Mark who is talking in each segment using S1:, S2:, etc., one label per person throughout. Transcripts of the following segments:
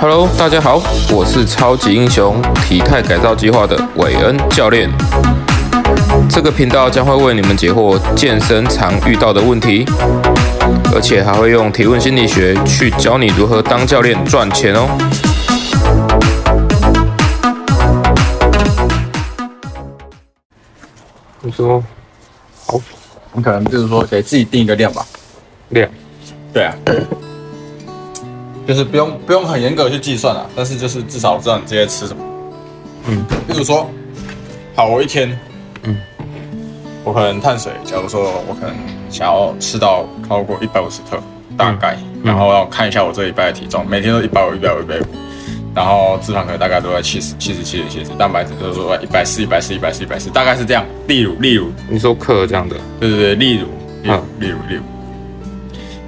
S1: Hello，大家好，我是超級英雄體態改造計劃的韋恩教練。這個頻道將會為你們解惑健身常遇到的問題，而且還會用提問心理學去教你如何當教練賺錢哦。你說好，你可能就是說
S2: 給自己定一個量吧，
S1: 量，對啊。對就是不
S2: 用不用很嚴格的去計算了，啊，但是就是至少我知道你今天吃什麼。嗯，比如說，好，我一天，嗯，我可能碳水，假如說我可能想要吃到超過一百五十克，大概，嗯，然後要看一下我這禮拜的體重，嗯、每天都一百五一百五一百五，然後脂肪可能大概都在七十七十七十七十，蛋白質就是說一百四一百四一百四一百四，大概是這樣。例如例如你說克這樣的，對對對，例如例如，啊、例如例如，例如，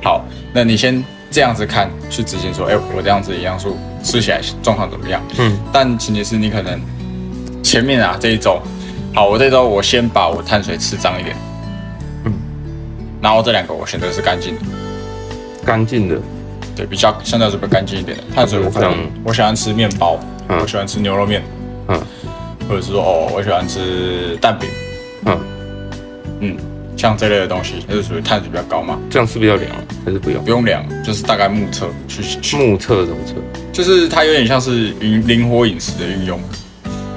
S2: 好，那你先。這樣子看去直接說，哎、欸，我這樣子營養素吃起來狀況怎麼樣？嗯，但前提是你可能前面啊這一週，好，我這週，我先把我碳水吃髒一點，嗯，然後這兩個我選擇是乾淨的，乾淨的，對，比較現在是比較乾淨一點的碳水我可能。我反正我喜歡吃面包、嗯，我喜歡吃牛肉麵，嗯，或
S3: 者
S2: 是說哦，我喜歡吃蛋餅，嗯，嗯。像這類的東西，它是屬於碳水比較高嗎？這樣是不是要量，啊？
S1: 還是不用？不用
S2: 量，就是大概目測去去目測怎麼測？就是它有點像是靈靈活飲食的運用。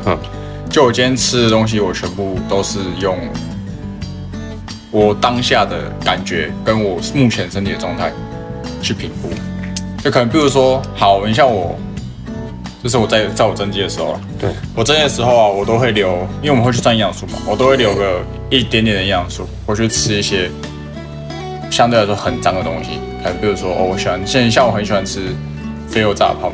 S2: 嗯，就我今天吃的東西，我全部都是用我當下的感覺跟我目前身體的狀態去評估。就可能，比如說，好，你像我。就是我在在我增肌的時候啊，對，我增肌的時候啊，我都會留，因為我們會去算營養素嘛，我都會留個一點點的營養素回去吃一些相對來說很髒的東西，還比如說哦，我喜歡，像像我很喜歡吃非油炸的泡麵，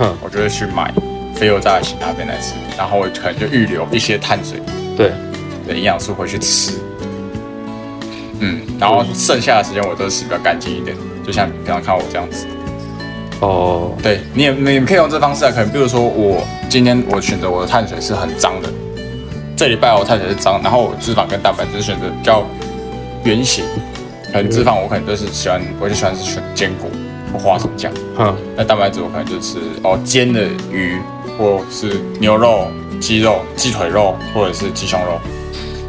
S2: 嗯，我就會去買非油炸的其他邊來吃，然後我可能就預留一些碳水，對，的營養素回去吃，嗯，然後剩下的時間我都是吃比較乾淨一點，就像你平常看我這樣子。哦、oh.，對你也，你可以用這方式來。可能比如說我今天我選擇我的碳水是很髒的，這禮拜我的碳水是髒，然後我脂肪跟蛋白質是選擇比較原型。很脂肪我可能就是喜歡，我就喜歡吃選堅果或花生醬。嗯、huh.，那蛋白質我可能就是吃哦煎的魚，或是牛肉、雞肉、雞腿肉或者是雞胸肉。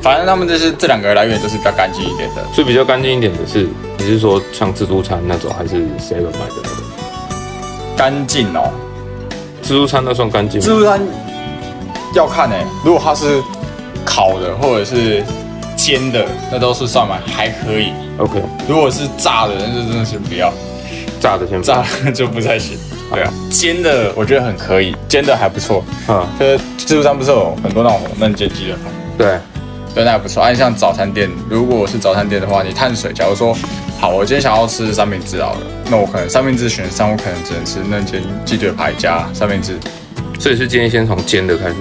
S2: 反正他們就是這兩個來源就是比較乾淨一點的。所以比
S1: 較乾淨一點的是，你是說像自助餐那種，還是 Seven 買的那種？乾淨哦，自助餐都算乾淨。自助
S2: 餐要看哎、欸，如果它是烤的或者是煎的，那都是算蠻還可以。OK，如果是炸的，那就真的先不要。炸的先炸的就不太行。對啊，啊，煎的我覺得很可以，煎的還不錯。
S3: 嗯，
S2: 就是自助餐不是有、哦、很多那種嫩煎雞的對。對，那還不錯。哎、啊，像早餐店，如果我是早餐店的話，你碳水，假如說，好，我今天想要吃三明治了，那我可能三明治選三，我可能只能吃嫩煎雞腿排加三明治。所以是建議先從煎的開始。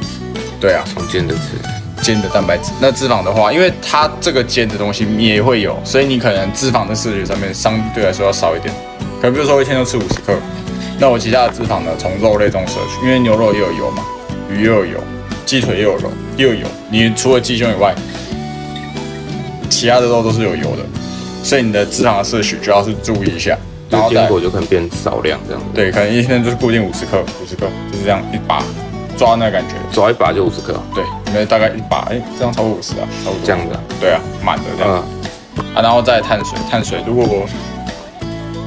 S2: 對啊，從煎的吃。煎的蛋白質，那脂肪的話，因為它這個煎的東西也會有，所以你可能脂肪的攝取上面相對來說要少一點。可能比如說一天都吃五十克，那我其他的脂肪呢，從肉類中攝取，因為牛肉也有油嘛，魚也有油。雞腿又有肉，又有油。你除了雞胸以外，其他的肉都是有油的，所以你的脂肪的攝取主要是注意一下。然後堅果就可能變少量這樣子。對，可能一天就是固定五十克，五十克就是這樣一把抓那個感覺，抓一把就五十克。對，大概一把，哎、欸，這樣超過五十啊？差不多，這樣子、啊。對啊，滿的這樣、嗯。啊，然後再碳水，碳水如果我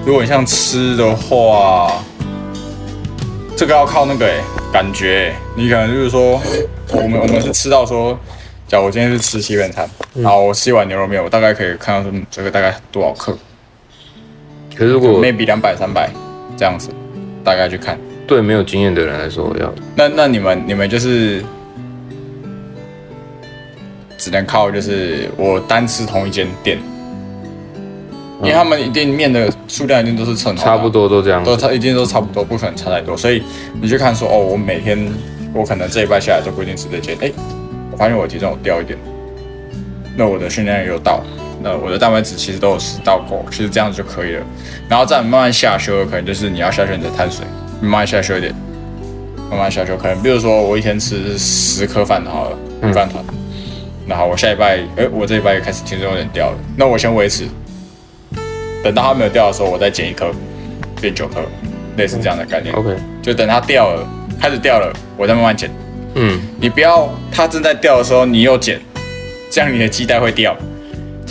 S2: 如果你像吃的話，這個要靠那個、欸感覺你可能就是說，我們我們是吃到說，假如我今天是吃西分餐，好，我吃一碗牛肉麵，我大概可以看到是這個大概多少克？可是如果麵比兩百三百這樣子，大概去看。對沒有經驗的人來說，我要。那那你們你們就是只能靠就是我單吃同一間店。因為他們一定麵的數量一定都是稱、啊、差不多都這樣，都差一定都差不多，不可能差太多。所以你去看說，哦，我每天我可能這一拜下來都不一定值得減。哎，我發現我體重有掉一點，那我的訓練也有到了，那我的蛋白質其實都有吃到夠，其實這樣子就可以了。然後再慢慢下修，可能就是你要下修你的碳水，慢慢下修一點，慢慢下修可能。比如說我一天吃十顆飯好了，嗯、米飯糰，那好，我下一拜，哎，我這一拜也開始體重有點掉了，那我先維持。等到它沒有掉的時候，我再減一顆，變九顆，類似這樣的概念。OK，就等它掉了，開始掉了，我再慢慢減。嗯，你不要它正在掉的時候你又減，這樣你的基代會掉。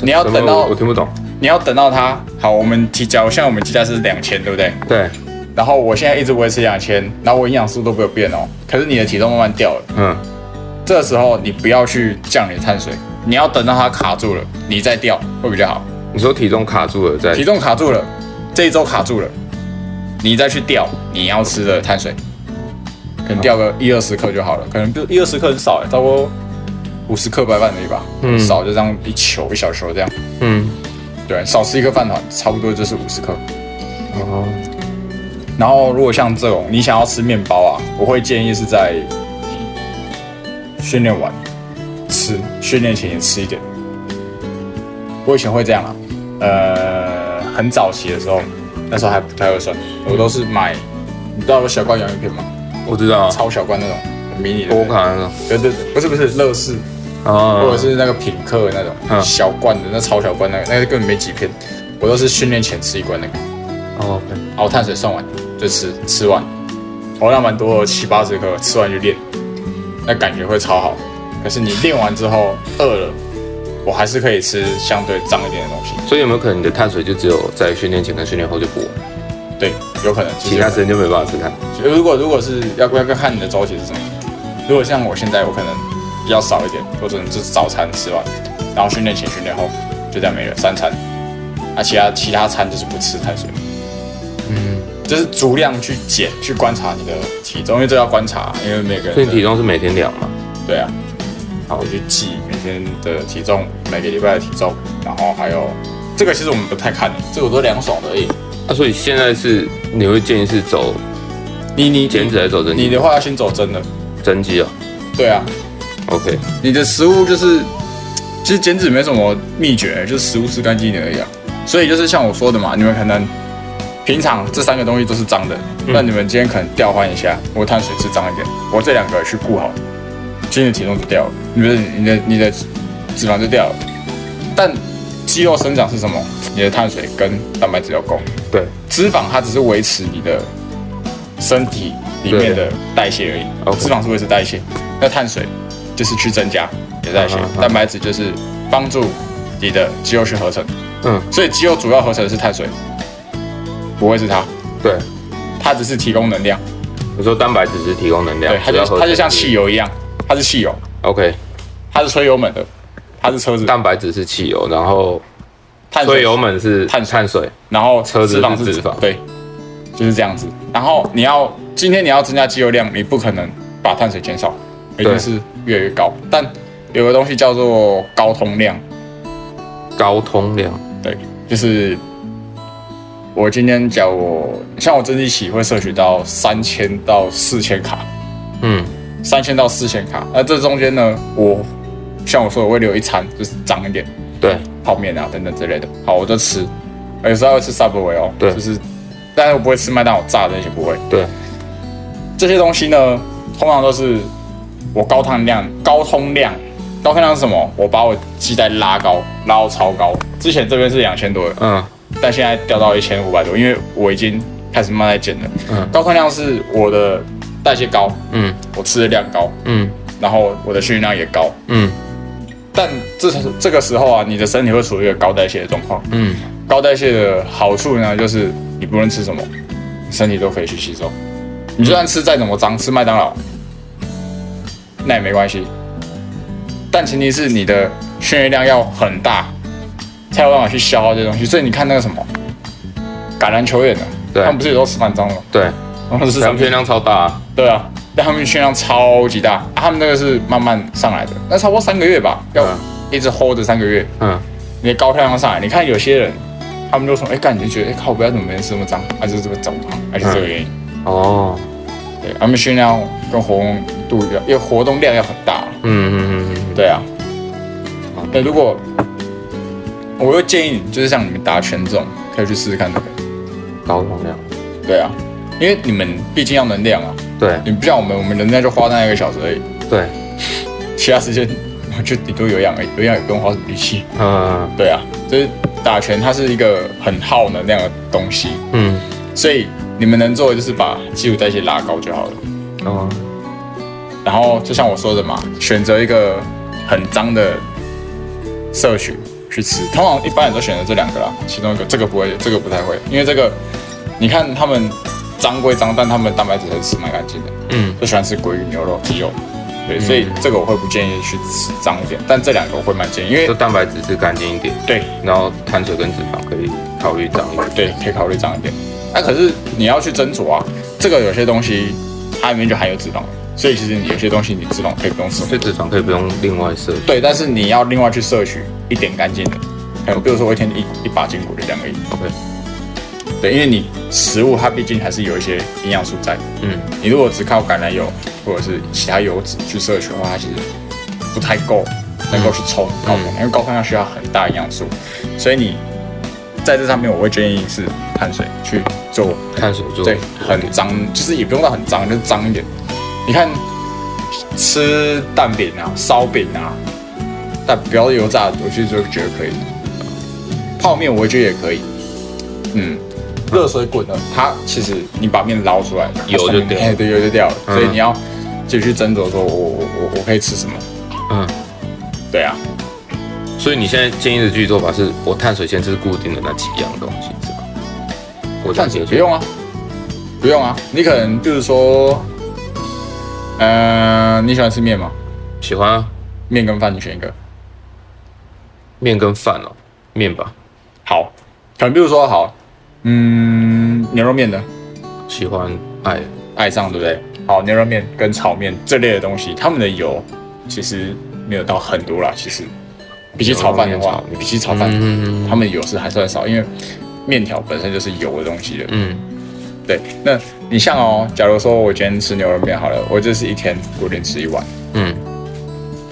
S2: 你要等到我聽不懂。你要等到它好，我們體，就像我們基代是兩千，對不對？對。然後我現在一直維持兩千，然後我營養素都沒有變哦，可是你的體重慢慢掉了。嗯。這個時候你不要去降你的碳水，你要等到它卡住了，你再掉會比較好。你說體重卡住了，在體重卡住了，這一周卡住了，你再去掉你要吃的碳水，可能掉個一二十克就好了，可能就一二十克很少哎、欸，差不多五十克白飯的一把，嗯，少就這樣一球一小球這樣，嗯，對，少吃一個飯糰，差不多就是五十克。哦、嗯。然後如果像這種你想要吃麵包啊，我會建議是在訓練完吃，訓練前也吃一點。我以前會這樣啦、啊。呃，很早期的時候，那時候還不太會算，我都是買，你知道有小罐洋芋片嗎？我知道、啊，超小罐那種，迷你對不對？波卡，對，對對，不是不是，樂事啊啊啊，或者是那個品客那種小罐的那超小罐那個，那個根本沒幾片，我都是訓練前吃一罐那個。哦、啊 okay，熬碳水算完就吃，吃完，我量蠻多的七八十克，吃完就練，那感覺會超好。可是你練完
S1: 之後 餓了。我還是可以吃相對髒一點的東西，所以有沒有可能你的碳水就只有在訓練前跟訓練後就補？對，有可能，就是、其他時間就沒辦法吃碳。
S2: 如果如果是要要看你的週期是什麼，如果像我現在，我可能比較少一點，或者就是早餐吃完，然後訓練前、訓練後就這樣每日三餐，而、啊、其他其他餐就是不吃碳水。嗯，就是足量去減，去觀察你的體重，因為這要觀察，因為每個人。所以體重
S1: 是每天量嘛？
S2: 對啊。好，我去記每天的體重，每個禮拜的體重，然後還有
S1: 這個其實我們不太看，這個我都涼爽而已。那、啊、所以現在是、嗯、你會建議是走妮妮，減脂還是走增肌？你的話要先走增的增肌啊？
S2: 對啊，OK。你的食物就是其實減脂沒什麼秘訣，就是食物是乾淨的而已啊。所以就是像我說的嘛，你們可能平常這三個東西都是髒的，那、嗯、你們今天可能調換一下，我碳水是髒一點，我這兩個去顧好你的體重就掉了，你的你的你的脂肪就掉了，但肌肉生長是什麼？你的碳水跟蛋白質要夠。對，脂肪它只是維持你的身體裡面的代謝而已。哦。脂肪是維持代謝，okay. 那碳水就是去增加你的代謝，嗯嗯嗯，蛋白質就是幫助你的肌肉去合成。嗯。所以肌肉主要合成的是碳水，不會是它。對。它只是提供能量。我說蛋白質是提供能量。對，它就它就像汽油一樣。它是汽油
S1: ，OK，它是吹油門的，它是車子。蛋白質是汽油，然後碳催油門是碳水碳水，車子
S2: 然後脂肪車子是脂肪，
S1: 對，就是這樣子。然
S2: 後你要今天你要增加肌肉量，你不可能把碳水減少，一定是越來越高。但有個東西叫做高通量，高通量，對，就是我今天講我像我增肌期會攝取到三千到四千卡，嗯。三千到四千卡，那這中間呢，我像我說，我會留一餐就是髒一點，對，泡麵啊等等之類的。好，我就吃，有時候會吃 Subway 哦，對，就是，但是我不會吃麥當勞炸的那些，不會。對，這些東西呢，通常都是我高碳量、高通量、高碳量是什麼？我把我雞袋拉高，拉到超高。之前這邊是兩千多的，嗯，但現在掉到一千五百多，因為我已經開始慢慢減了。嗯，高碳量是我的。代謝高，
S3: 嗯，
S2: 我吃的量高，嗯，然後我的訓練量也高，嗯，但這是這個時候啊，你的身體會處於一個高代謝的狀況，嗯，高代謝的好處呢，就是你不論吃什麼，身體都可以去吸收，你就算吃再怎麼髒，吃麥當勞，那也沒關係，但前提是你的訓練量要很大，才有辦法去消耗這些東西。所以你看那個什麼，橄欖球員的，他們不是有時候吃蠻髒的嗎？對。他們訓練量超大，啊，對啊，但他們訓練量超級大，啊，他們那個是慢慢上來的，那差不多三個月吧，要一直 hold 三個月。嗯，你的高訓練量上來，你看有些人，他們就說：“哎，感覺覺得，哎，我不要怎麼沒吃那麼髒，還是怎麼走啊？”還、就是這個、啊嗯、這個原因。哦，對，他們訓練量跟活動度活動量要很大。嗯嗯嗯，嗯，對啊。那、嗯啊、如果，我會建議，就是像你們打拳這種，可以去試試看那、這個高訓練量。對啊。因為你們畢竟要能量啊，對，你不像我們，我們能量就花那一個小時而已，對，其他時間我覺得你都有氧，而已，有氧也不用花體力氣，嗯，對啊，就是打拳，它是一個很耗能量的東西，嗯，所以你們能做的就是把基礎代謝拉高就好了，嗯，嗯，然後就像我說的嘛，選擇一個很髒的攝取去吃，通常一般人都選擇這兩個啦，其中一個這個不會，這個不太會，因為這個你看他們。髒歸髒，但他們的蛋白質還是蠻乾淨的。嗯，就喜歡吃鮭魚、牛肉、雞肉。對、嗯，所以這個我會不建議去吃髒一點，但這兩個我會蠻建議，因為蛋白質是乾淨一點。對，然後碳水跟脂肪可以考慮髒一點。對，可以考慮髒一點。那、啊、可是你要去斟酌啊，這個有些東西它、啊、裡面就含有脂肪，所以其實你有些東西你脂肪可以不用攝取，所以脂肪可以不用另外攝取。對，但是你要另外去攝取一點乾淨的，還有比如說我一天一一把堅果的量而已。因為你食物它畢竟還是有一些營養素在。嗯，你如果只靠橄欖油或者是其他油脂去攝取的話，它其實不太夠，嗯、能夠去沖高湯，因為高湯要需要很大營養素。所以你在這上面，我會建議是碳水去做。碳水做，對，很髒、嗯，就是也不用到很髒，就是、髒一點。你看吃蛋餅啊、燒餅啊，但不要油炸我其實，就覺得可以。泡麵我覺得也可以，嗯。熱水滾了，它其實你把麵撈出來，油就掉，哎對、嗯、對，油就掉了。所以你要繼續斟酌說，我我我我可以吃什麼？嗯，
S1: 對啊。所以你現在建議的具體做法是，我碳水先吃固定的那幾樣東西，是吧？我，我碳水不用啊？不用啊。
S2: 你可能就是說，呃，你喜歡吃麵嗎？喜歡啊。麵跟飯你選一個。麵跟飯哦，麵吧。好。可能比如說好。
S1: 嗯，牛肉麵呢？喜歡
S2: 愛愛上對不對？好，牛肉麵跟炒麵這類的東西，他們的油其實沒有到很多啦。其實，比起炒飯的話，比起炒飯，他們油是還算少，嗯、因為麵條本身就是油的東西的。嗯，對，那你像哦、喔，假如說我今天吃牛肉麵好了，我就是一天固定吃一碗。
S3: 嗯，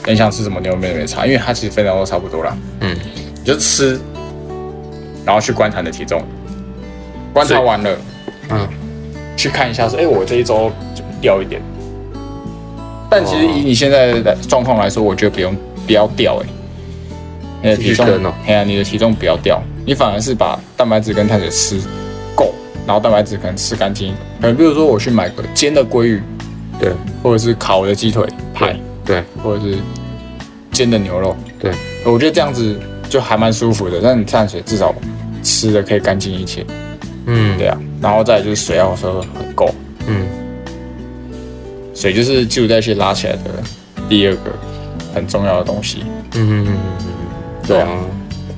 S2: 你想吃什麼牛肉麵都沒差，因為它其實分量都差不多啦。嗯，你就吃，然後去觀察你的體重。觀察完了，嗯，去看一下，說，哎、欸，我這一周怎麼掉一點、
S1: 嗯？但其實
S2: 以你現在的狀況來說，我覺得不用不要掉、欸，哎，你的體重哦、喔啊，你的體重不要掉，你反而是把蛋白質跟碳水吃夠，然後蛋白質可能吃乾淨，可能比如說我去買個煎的鮭魚，對，或者是烤的雞腿排，對，或者是煎的牛肉，對，我覺得這樣子就還蠻舒服的，但碳水至少吃的可以乾淨一些。嗯，對啊，然後再就是水要喝的很夠，嗯，水就是基礎代謝拉起來的第二個
S1: 很重要的東西，嗯、嗯、嗯、嗯、嗯對、啊，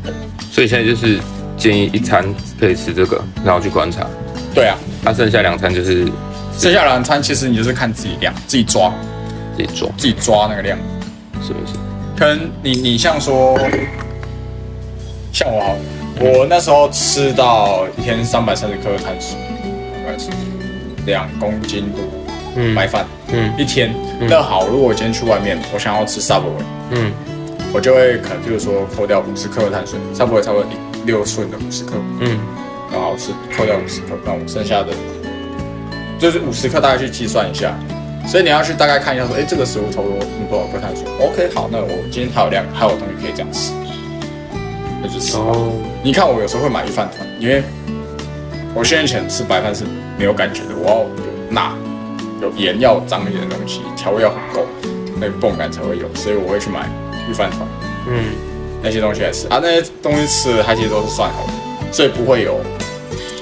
S1: 對啊，所以現在就是建議一餐可以吃這個，然後去觀察。對啊，那、啊、剩下兩餐就是，
S2: 剩下兩餐其實你就是看自己量，自己抓，自己抓，自己抓那個量，是不是？可能你你像說像我像。我那時候吃到一天三百三十克的碳水，
S3: 大概是
S2: 兩公斤白飯，嗯，一天。嗯、那好，如果我今天去外面，我想要吃 Subway，嗯，我就會可能就是說扣掉五十克的碳水，Subway 差不多六
S3: 寸的五十克，嗯，
S2: 然後是扣掉五十克，那我剩下的就是五十克，大概去計算一下。所以你要去大概看一下說，哎、欸，這個食物投入多少克碳水，OK，好，那我今天還有量還有東西可以這樣吃。哦、就是，oh。你看我有時候會買御飯糰，因為我現在想吃白飯是沒有感覺的，我要有鈉，有鹽，要髒一點的東西，調味要很夠，那個泵感才會有，所以我會去買御飯糰。嗯，那些東西來吃，啊，那些東西吃了它其實都是算好的，所以不會有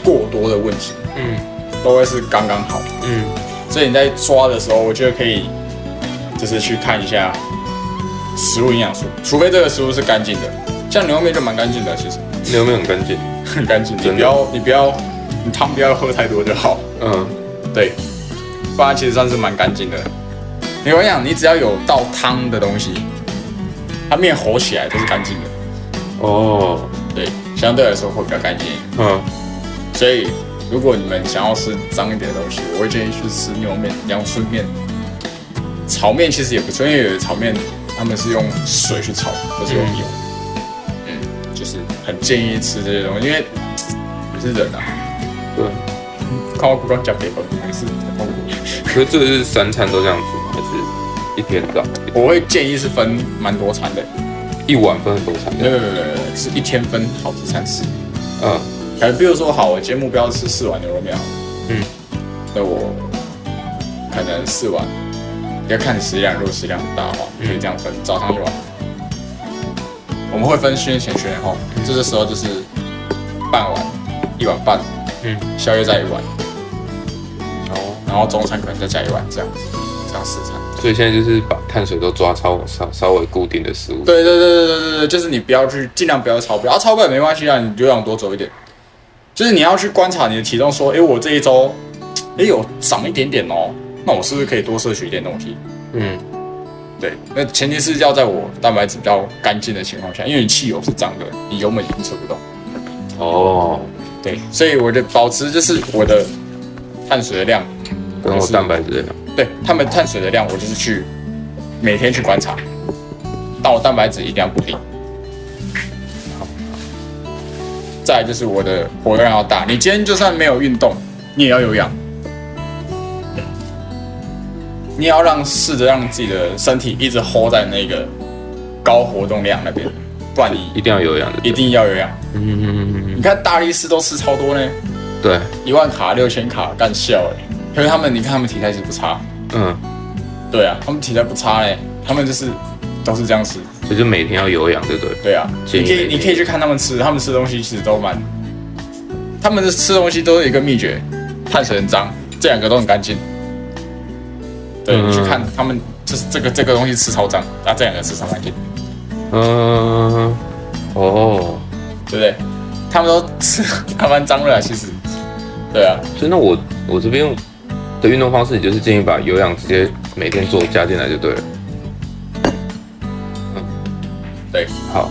S2: 過多的問題。嗯，都會是剛剛好。嗯，所以你在抓的時候，我覺得可以，就是去看一下食物營養素，除非這個食物是乾淨的。像牛肉麵就蠻乾淨的，其實牛肉麵很乾淨， 很乾淨。你不要，你不要，你湯不要喝太多就好。嗯，對。不然其實算是蠻乾淨的。嗯、你想想，你只要有倒湯的東西，它麵火起來都是乾淨的。
S3: 哦，
S2: 對，相對來說會比較乾淨。嗯。所以如果你們想要吃髒一點的東西，我會建議去吃牛肉麵、陽春麵。炒麵其實也不錯，因為有的炒麵他們是用水去炒，不是用油。很建議吃
S1: 這些東西，因為你是人啊。對，
S2: 靠苦瓜減肥好，還是
S1: 痛苦？可是這個是三餐都這樣子嗎？還是一天早這樣？我會建議是分蠻多餐的、欸，一碗分很多餐。呃，是一天分好幾餐
S2: 吃。啊、嗯，比如說好，我今天目標吃四碗牛肉麵。嗯，那我可能四碗，要看食量，如果食量很大的話、嗯，可以這樣分，早上一碗。嗯我們會分訓練前、訓練後，這時候就是半碗，一碗半，嗯，宵夜再一碗，然後中餐可能再加一碗這樣子，這樣
S1: 四餐。所以現在就是把碳水都抓超稍稍微固定的食物。
S2: 對對對對對對，就是你不要去，儘量不要超標，超標、啊、沒關係啊，你就想多走一點。就是你要去觀察你的體重，說，哎，我這一周，哎，有漲一點點哦，那我是不是可以多攝取一點東西？嗯。對，那前提是要在我蛋白質比較乾淨的情況下，因為你汽油是髒的，你油門已經踩不動。哦、oh.，對，所以我的保持就是我的碳水的量，我是跟我蛋白質量，對他們碳水的量，我就是去每天去觀察，但我蛋白質一定要不低，oh. 再來就是我的活躍量要大，你今天就算沒有運動，你也要有氧。你要讓試着讓自己的身體一直 hold 在那個高活動量那邊，鍛鍊一定要有氧的，一定要有氧。嗯，你看大力士都吃超多呢，對，一萬卡六千卡乾笑誒。可是他們你看他們體態是不差，嗯，對啊，他們體態不差呢。他們就是都是這樣吃，
S1: 所以就每天要有氧，對不對？對啊，你可以你可以
S2: 去看他們吃，他們吃東西其實都蠻，他們的吃東西都有一個秘訣，碳水很髒，這兩個都很乾淨。對，你去看他們，這這個這個東西吃超髒，那、啊、這兩個吃超
S3: 麼東嗯，
S2: 哦，對不對？他們都吃，他們髒了、啊，其實。
S1: 對啊，所以那我我這邊的運動方式，也就是建議把有氧直接每天做加進來就對了。嗯，對，好。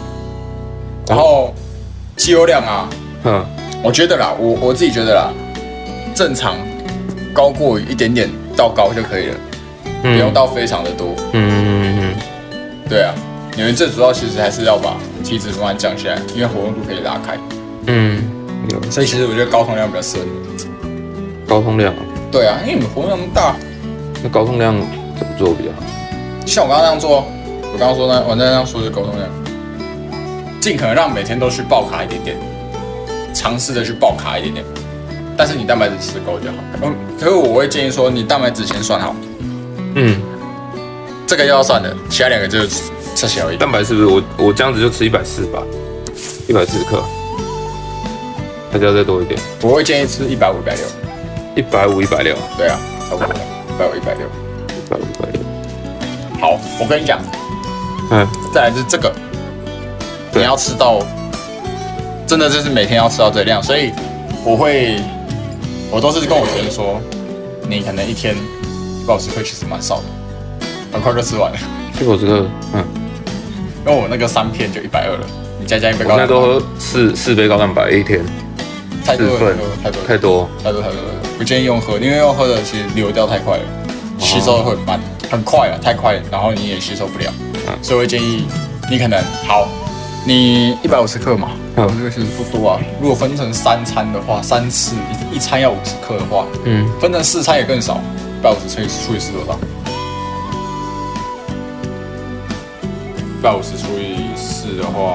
S1: 然後肌肉、哦、量
S2: 啊，嗯，我覺得啦，我我自己覺得啦，正常高過一點點到高就可以了。嗯、用到非常的多，嗯嗯，嗯，
S3: 嗯，
S2: 對啊，你們最主要其實還是要把體脂突然降下來，因為活動度可以拉開，
S1: 嗯，嗯，
S2: 所以其實我覺得高通量比較適合你。
S1: 高通量？對啊，因為你們活動量那麼大，那高通量怎麼做比較好？像我
S2: 剛剛那樣做，我剛剛說呢，我剛剛那樣說的是高通量，盡可能讓每天都去爆卡一點點，嘗試着去爆卡一點點，但是你蛋白質吃夠就好。嗯，可是我會
S1: 建議說，你蛋白質先算好。
S3: 嗯，
S1: 這個要算了，其他兩個就吃小一點。蛋白是不是我？我我這樣子就吃一百四吧，一百四十克。還是就要再多一點？我會建議吃一百五、一百六。一百五、一百六，
S3: 對
S2: 啊，差不多 150, 160。一百五、一百六，
S1: 一百五、一百六。
S2: 好，我跟你講，嗯，再來就是這個，你要吃到，真的就是每天要吃到這量，所以我會，我都是跟我學生說，你可能一天。五十克其實蠻少的，
S1: 很快就吃完了。結五十克嗯，因
S2: 為我那個三片就一百二了。你再加,加一杯高,喝 4, 4杯高蛋白，都
S1: 四四杯高蛋白一天。太多了太多太多太多了
S2: 太多了，不建議用喝，因為用喝的其實流掉太快了，哦、吸收會慢。很快了，太快然後你也吸收不了，嗯、所以我會建議你可能好，你一百五十克嘛。嗯，我這個其實不多啊。如果分成三餐的話，三次一,一餐要五十克的話，嗯，分成四餐也更少。一百五十乘以四，除以四多少？一百五十除以四的話，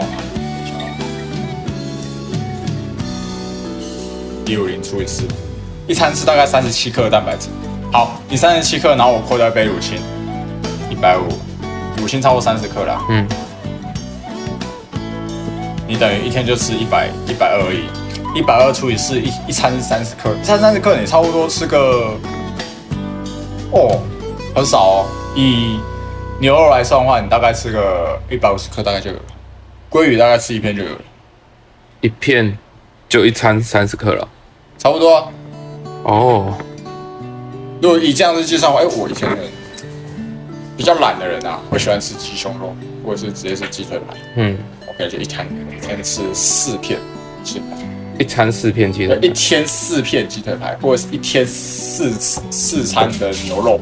S2: 一五零除以四，一餐吃大概三十七克的蛋白質。好，你三十七克，然後我扣掉一杯乳清，一百五，乳清超過三十克了。嗯。你等於一天就吃一百一百二而已 4, 一，一百二除以四，一一餐三十克，一餐三十克，你差不多吃個。哦，很少哦。以牛肉來算的話，你大概吃個一百五十克，大概就有了；
S1: 鮭魚大概吃一片就有了，一片就一餐三十克了，差不多，啊。哦，如
S2: 果以這樣子計算的話，哎、欸，我以前比較懶的人啊，
S1: 會喜歡吃雞胸
S2: 肉，或者是直接是雞腿。嗯，我感覺一餐一天吃四片雞一餐四片雞腿，一天四片雞腿排，或是一天四四餐的牛肉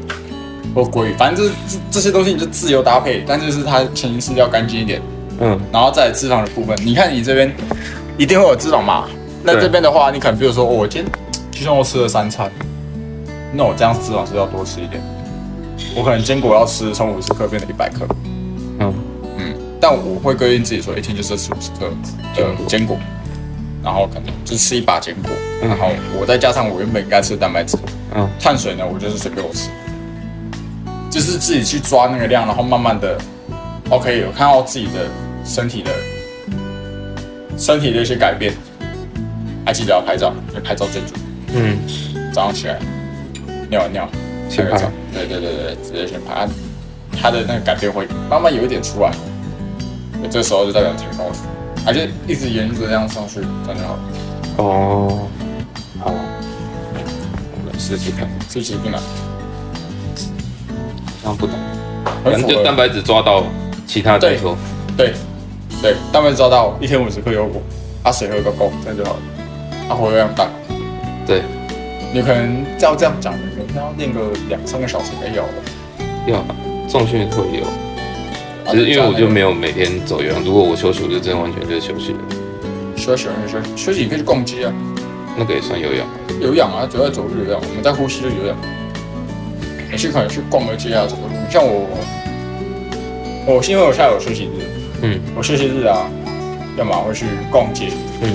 S2: 或鮭魚，反正就這這，這些東西你就自由搭配，但就是它前提是要乾淨一點。嗯，然後在脂肪的部分，你看你這邊一定會有脂肪嘛，那這邊的話，你可能比如說，哦、我今天就算我吃了三餐，那我這樣脂肪是要多吃一點，我可能堅果要吃從五十克變成一百克。嗯嗯，但我會規定自己說，一天就是吃五十克的堅果。堅果然後可能就吃一把堅果。嗯，然後我再加上我原本應該吃的蛋白質，嗯。碳水呢，我就是隨便我吃，就是自己去抓那個量，然後慢慢的。OK，我看到自己的身體的，身體的一些改變，還記得要拍照，就拍照最準。嗯，早上起來，尿一尿，洗個澡，對對對對，直接先拍。他的那個改變會慢慢有一點出來，這個時候就代表成功。而且一直沿着這樣上去，這樣
S1: 就好
S3: 了哦，好、哦，我們試試看，試試
S1: 進來。好、啊、像不懂，反正就蛋白質抓到，其他再說對
S2: 對。對，對，蛋白質抓到，一天五十克有無？把、啊、水喝夠夠，這樣就好了。啊，火力這樣大。對，你可能照這樣講，每天要練個兩三個小時沒有？
S1: 有，重訓可以有。只是因為我就沒有每天走有氧。如果我休息，我就真的完全就是休息了。休息休、休息休息、
S2: 休息，你可以去逛街啊。
S1: 那個也算有氧。
S2: 有氧啊，主要在走路有氧，我們在呼吸就有氧。你是可能去逛個街啊，走的路。像我，我是因為我下午休息日，
S3: 嗯，
S2: 我休息日啊，要麼會去逛街，
S3: 嗯，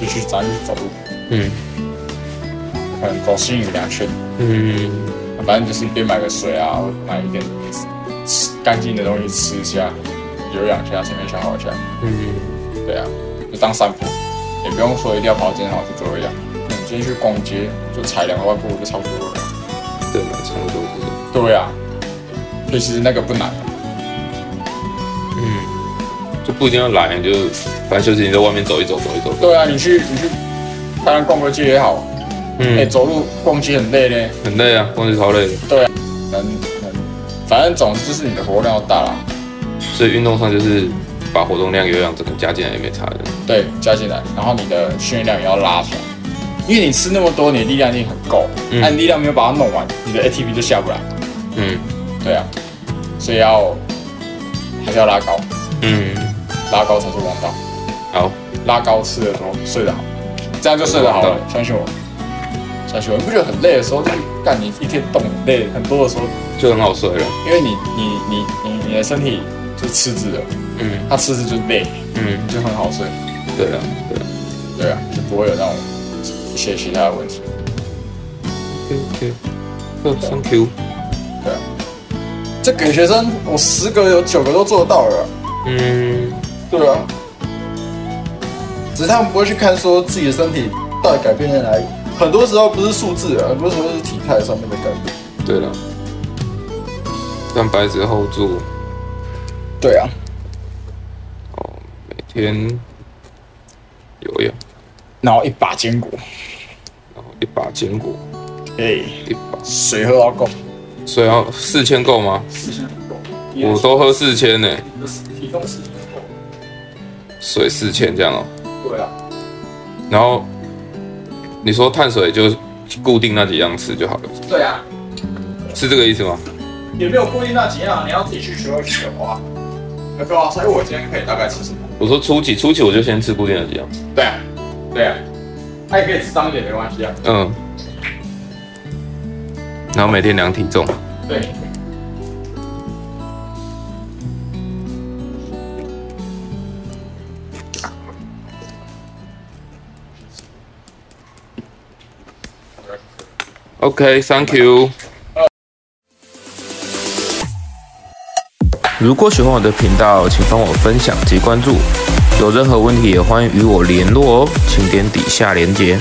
S2: 就去咱走路，嗯，可能走新宇兩圈，嗯、啊，反正就是一邊買個水啊，買一點、點。吃乾淨的東西，吃一下，有氧一下，全面消耗一下。嗯，對啊，就當散步，也、欸、不用說一定要跑健身房去做這樣。你、嗯、今天去逛街就踩兩個萬步就差不多了。對，
S1: 差不多是。
S2: 對啊，所以其實那個不難。嗯，
S1: 就不一定要來，就反正休息你就在外面走一走，走一走，
S2: 走。對啊，你去你去，當然逛個街也好。嗯。哎、欸，走路逛街很累呢。
S1: 很累啊，逛街超累。
S2: 對啊。能。反正總之就是你的活動量要大啦，
S1: 所以運動上就是把活動量、有氧整個加進來也沒差的。
S2: 對，加進來，然後你的訓練量也要拉出來。因為你吃那麼多，你的力量一定很夠，但力量沒有把它弄完，你的 ATP 就下不來。嗯，對啊，所以要還是要拉高，嗯，拉高才是王道。好，拉高吃的時候睡得好，這樣就睡得好了。相信我，相信我，你不覺得很累的時候，就是幹你一天動很累很多的時候。就很好睡了，因為你你你你你的身體就是赤字的，嗯，它赤字就是累，嗯，嗯，就很好睡。對，對啊，對，啊，對啊，
S1: 對啊，就
S2: 不會有那種一些其他的問題。
S1: OK OK，Thank
S3: you
S2: 對啊，這給學生，我十個有九個都做得到了。嗯，對啊，只是他們不會去看說自己的身體到底改變在哪裡，很多時候不是數字，很多時候是體態上面的改變。
S1: 對了。蛋白質 hold 住對啊，哦，每天有氧，然後一把堅果，然後一把堅果，哎、hey，一把水喝到夠，水要四千夠嗎？四千夠。我都喝四千呢。體重四
S2: 千
S1: 夠，水四千這樣哦。對啊，
S2: 然
S1: 後你說碳水就固定那幾樣吃就好了對啊。
S2: 對
S1: 啊，是這個意思嗎？
S2: 也沒有固定那幾樣，你要自己去學會學啊。所以我今天可以
S1: 大概吃什麼？我說初幾，初幾我就先吃固定的幾樣。對啊，對啊，他也可以吃髒一點沒關
S2: 係
S1: 啊。嗯。然後每天量體重。對。OK，thank you。如果喜歡我的頻道，請幫我分享及關注。有任何問題也歡迎與我聯絡哦，請點底下鏈接。